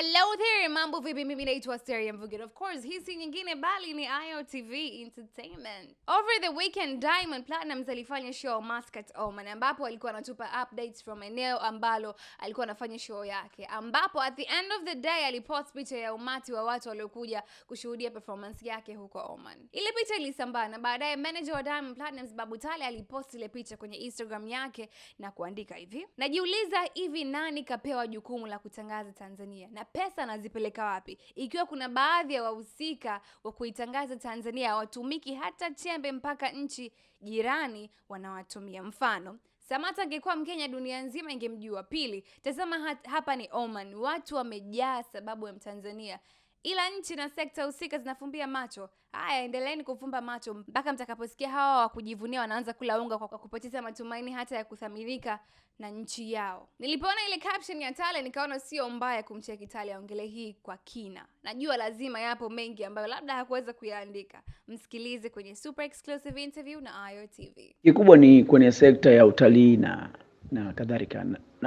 Hello there, mambo vipi? Mimi naitwa Asteria Mvugero. Of course, hii si nyingine bali ni IOTV Entertainment. Over the weekend Diamond Platnumz alifanya show Muscat, Oman ambapo alikuwa anatupa updates from eneo ambalo alikuwa anafanya show yake, ambapo at the end of the day alipost picha ya umati wa watu waliokuja kushuhudia performance yake huko Oman. Ile picha ilisambaa na baadaye manager wa Diamond Platnumz babutale alipost ile picha kwenye Instagram yake na kuandika hivi: najiuliza hivi nani kapewa jukumu la kutangaza Tanzania na pesa anazipeleka wapi, ikiwa kuna baadhi ya wahusika wa kuitangaza Tanzania watumiki hata chembe mpaka nchi jirani wanawatumia. Mfano, Samata angekuwa Mkenya, dunia nzima ingemjua. Pili, tazama hapa ni Oman, watu wamejaa sababu ya Mtanzania ila nchi na sekta husika zinafumbia macho. Haya, endeleeni kufumba macho mpaka mtakaposikia hawa wa kujivunia wanaanza kula unga kwa kupoteza matumaini hata ya kuthamirika na nchi yao. Nilipoona ile caption ya Tale nikaona sio mbaya kumcheki Tale aongele hii kwa kina. Najua lazima yapo mengi ambayo labda hakuweza kuyaandika. Msikilize kwenye super exclusive interview na Ayo TV. Kikubwa ni kwenye sekta ya utalii na na kadhalika.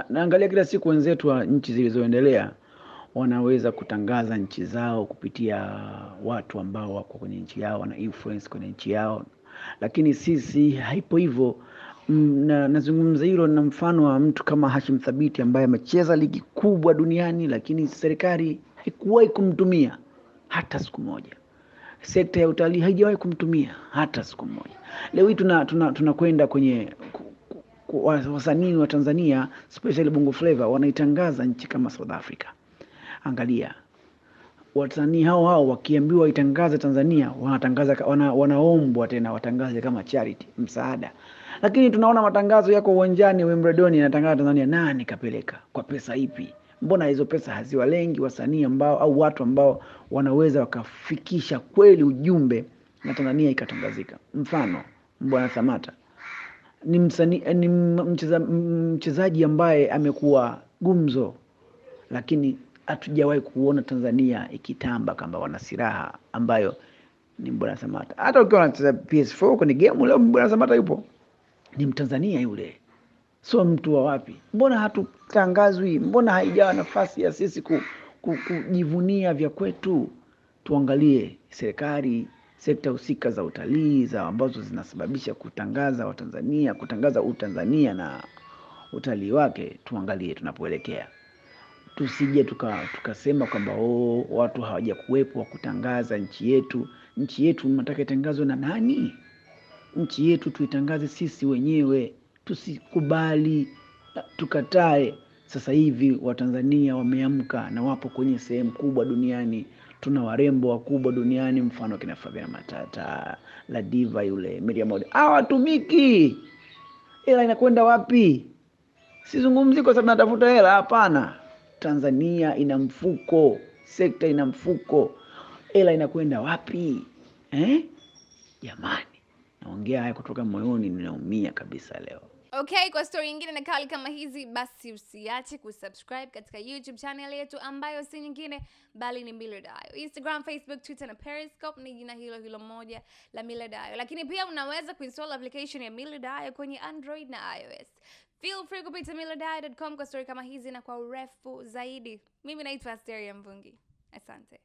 Naangalia na kila siku wenzetu wa nchi zilizoendelea wanaweza kutangaza nchi zao kupitia watu ambao wako kwenye nchi yao, wana influence kwenye nchi yao, lakini sisi haipo hivyo. Na, nazungumza hilo na mfano wa mtu kama Hashim Thabiti ambaye amecheza ligi kubwa duniani, lakini serikali haikuwahi kumtumia hata siku moja. Sekta ya utalii haijawahi kumtumia hata siku moja. Leo hii tunakwenda tuna, tuna kwenye wasanii wa Tanzania especially Bongo Flava wanaitangaza nchi kama South Africa. Angalia, wasanii hao hao wakiambiwa itangaze Tanzania wanatangaza, wana, wanaombwa tena watangaze kama charity msaada, lakini tunaona matangazo yako uwanjani Wimbledon yanatangaza Tanzania. Nani kapeleka kwa pesa ipi? Mbona hizo pesa haziwalengi wasanii ambao au watu ambao wanaweza wakafikisha kweli ujumbe na Tanzania ikatangazika? Mfano bwana Samata ni msani, eh, ni mchezaji ambaye amekuwa gumzo, lakini hatujawahi kuona Tanzania ikitamba kama wana silaha ambayo ni Mbwana Samata. Hata ukiwa unacheza PS4 kwenye game leo, Mbwana Samata yupo, ni Mtanzania yule, sio mtu wa wapi. Mbona hatutangazwi? Mbona haijawa nafasi ya sisi ku, ku, kujivunia vya kwetu? Tuangalie serikali sekta husika za utalii za ambazo zinasababisha kutangaza Watanzania, kutangaza Utanzania na utalii wake, tuangalie tunapoelekea tusije tukasema tuka kwamba oh, watu hawajakuwepo wa kutangaza nchi yetu. Nchi yetu nataka itangazwe na nani? Nchi yetu tuitangaze sisi wenyewe, tusikubali tukatae. Sasa hivi Watanzania wameamka na wapo kwenye sehemu kubwa duniani. Tuna warembo wakubwa duniani, mfano kina Fabia Matata, La Diva yule, Miriam Ode. Hawatumiki, hela inakwenda wapi? Sizungumzi kwa sababu natafuta hela, hapana. Tanzania ina mfuko, sekta ina mfuko, hela inakwenda wapi eh? Jamani, naongea haya kutoka moyoni, ninaumia kabisa leo. Okay, kwa stori nyingine na kali kama hizi, basi usiache kusubscribe katika YouTube channel yetu ambayo si nyingine bali ni Millard Instagram, Facebook, Twitter na Periscope ni jina hilo hilo moja la Millard lakini pia unaweza kuinstall application ya Millard kwenye Android na iOS. Feel free kupita millardayo.com kwa stori kama hizi na kwa urefu zaidi. Mimi naitwa Asteria Mvungi, asante.